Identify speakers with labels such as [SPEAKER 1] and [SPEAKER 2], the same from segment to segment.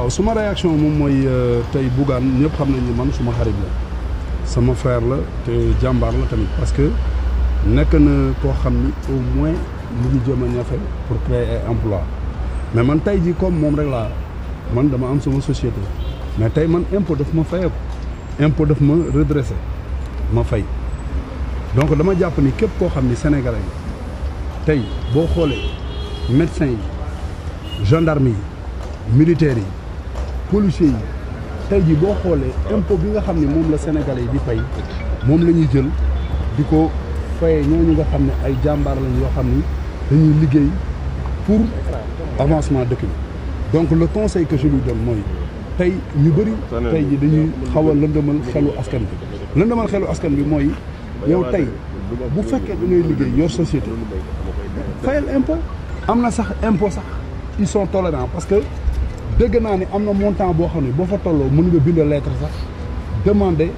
[SPEAKER 1] waaw suma réaction moom mooy euh, tey Bougane ñëpp xam nañ ni man suma xarit la sama frère la te jàmbaar la tamit parce que nekk na koo xam ni au moins lu ñu jëm a ñafe pour créer ay emploi mais man tey ji comme moom rek laa man dama am sama société mais tey man impôt daf ma fayeeku impôt daf ma redressé ma fay donc dama jàpp ni képp koo xam ni sénégalais yi tey boo xoolee médecins yi gendarmes yi militaires yi policiers yi tey ji boo xoolee impôt bi nga xam ne moom la sénégalais yi di fay moom la ñuy jël di ko fayee ñu nga xam ne ay jàmbaar lañ yoo xam ni dañuy liggéey pour avancement dëkk bi donc le conseil que je lui mooy tey ñu bëri tey ji dañuy xaw a lëndëmal xelu askan bi lëndëmal xelu askan bi mooy yow tey bu fekkee da ngay liggéey yor société fayal impôt am na sax impôt sax ils sont tolérants que dégg naa ni am na montant boo xam ne boo fa tolloo mën nga bind lettre sax demander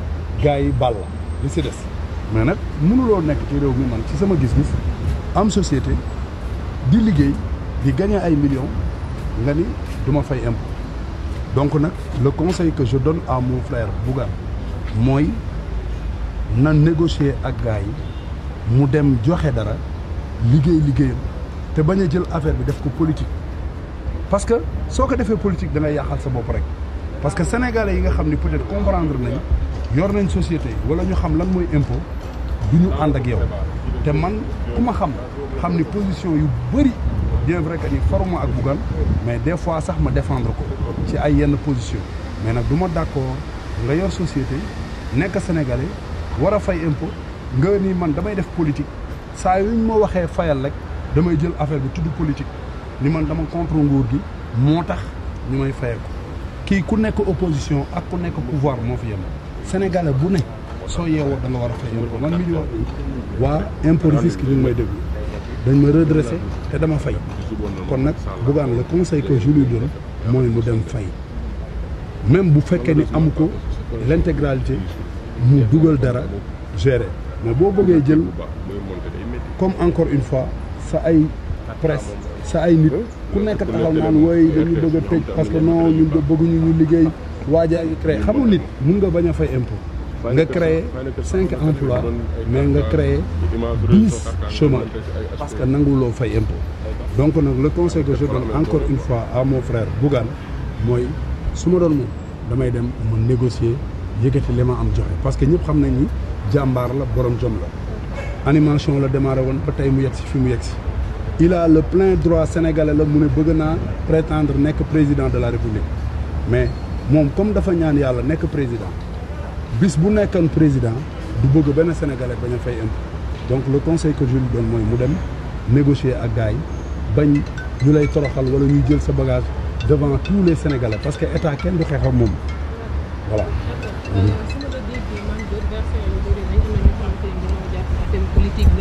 [SPEAKER 1] gars yi bal la li si des mais nag mënuloo nekk ci réew mi man ci sama gis-gis am société di liggéey di gagner ay millions nga ni du ma fay impôt nag la conseil que je donne à mon frère Bougane mooy na négocier ak gars yi mu dem joxe dara liggéey liggéeyam te bañ a jël affaire bi def ko politique parce que soo ko defee politique da ngay yàqal sa bopp rek parce que sénégalais yi nga xam ne peut-être comprendre nañ yor nañ société wala ñu xam lan mooy impôt du ñu ànd ak yow te man ku ma xam xam ni position yu bëri bien vrai que ni forme ak Bougane mais des fois sax ma défendre ko ci ay yenn position mais nag du ma d'accord nga yor société nekk sénégalais war fay impôt nga nii man damay def politique saa yu ñu ma waxee fayal rek damay jël affaire bi tudd politique ni man dama contre nguur gi moo tax ñu may fayal ko kii ku nekk opposition ak ku nekk pouvoir moo fi yem sénégalais bu ne soo yeewoo da nga war a fay man mi di wax waa impôt fisc ñu may déglu dañ ma redressé te dama fay kon nag Bougane la conseil que je lui donne mooy mu dem fay même bu fekkee ni am ko l'intégralité mu dugal dara gérer mais boo bëggee jël comme encore une fois sa ay presse sa ay nit ku nekk taxaw naan wooy dañu bëgg a tëj parce que non ñun de bëgguñu ñu liggéey waajaa ngi créé xamul nit mun nga bañ a fay impôt nga créé cinq emplois mais nga créé dix chômage parce que nanguloo fay impôt donc nag la conseil que je donne encore une fois à mon frère Bougane mooy su ma doon moom damay dem mu négocier yëkkati li ma am joxe parce que ñëpp xam nañ ni jàmbaar la borom jom la animation la démarré woon ba tey mu yegg si fi mu yegg si il le plein droit sénégalais la mu ne bëgg naa prétendre nekk président de la république mais moom comme dafa ñaan yàlla nekk président bis bu nekkoon président du bëgg benn sénégalais bañ a fay impôt donc le conseil que je lui mooy mu dem négocier ak gars yi bañ ñu lay toroxal wala ñuy jël sa bagage devant tous les sénégalais parce que état kenn du xeex ak moom voilà. a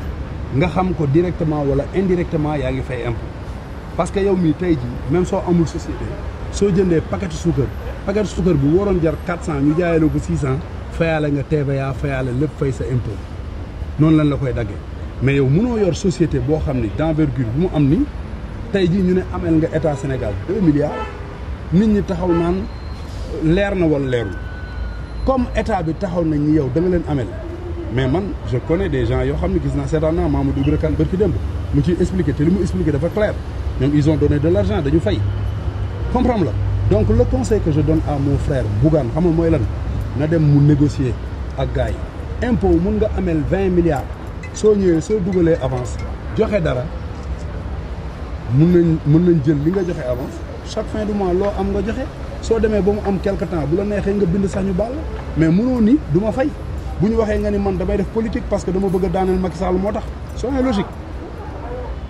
[SPEAKER 1] nga xam ko directement wala indirectement yaa ngi fay impôt parce que yow mii tey jii même soo amul société soo jëndee paquet suukar paquet suukar bi waroon jar 400 ñu jaayale ko 600 fayaale nga TVA fayaale lépp fay sa impôt noonu lan la koy daggee mais yow mënoo yor société boo xam ni d'envergure bu mu am ni tey jii ñu ne ameel nga état Sénégal 2 nit ñi taxaw naan leer na wala leerul comme état bi taxaw na ñi yow danga leen ameel mais man je connais des gens yoo xam ne gis naa seetaan naa Mamadou Ibra Kane bërki démb mu ciy expliqué te li mu expliqué dafa clair ñoom ils ont donné de l'argent dañu fay comprendre la donc le conseil que je donne à mon frère Bougane xam mooy lan na dem mu négocier ak gars yi impôt mun nga ameel vingt milliards soo ñëwee soo dugalee avance joxe dara mun nañ mun nañ jël li nga joxe avance chaque fin du mois loo am nga joxe soo demee ba mu am quelque temps bu la neexee nga bind sax ñu baal mais mënoo ni du ma fay bu ñu waxee nga ni man damay def politique parce que dama bëgg a daaneel Macky Sall moo tax c'est logique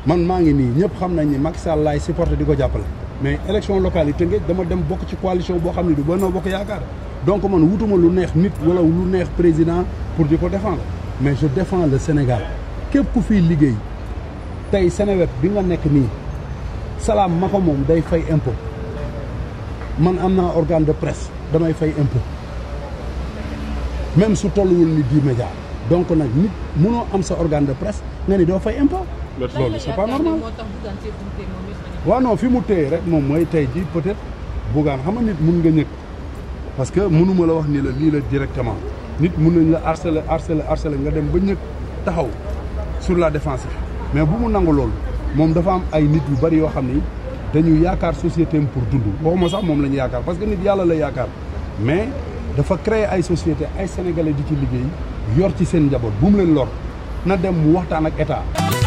[SPEAKER 1] man maa ngi nii ñëpp xam nañ ni Macky Sall laay supporté di ko jàppale mais élection locale yi Tëngéej dama dem bokk ci coalition boo xam ne du Benno Bokk Yaakaar donc man wutuma lu neex nit wala lu neex président pour di ko défendre mais je défends le Sénégal képp ku fii liggéey tey Seneweb bi nga nekk nii salaam ma ko moom day fay impôt man am naa organe de presse damay fay impôt même su tolluwul ni di média donc nag nit mënoo am sa organe de presse nga ni doo fay impôt loolu c'est pas normal waaw non fi mu téye rek moom mooy tey ji peut-être Bougane xam nga nit mun nga ñëkk parce que mënuma la wax nii la nii la directement nit mun nañ la harceler harceler harceler nga dem ba ñëkk taxaw sur la défensive mais bu mu nangu loolu moom dafa am ay nit yu bari yoo xam ni dañu yaakaar société am pour dund waxuma sax moom lañu yaakaar parce que nit yàlla la yaakaar dafa créer ay société ay sénégalais di ci liggéey yor ci seen njaboot bu mu leen lor na dem mu waxtaan ak état.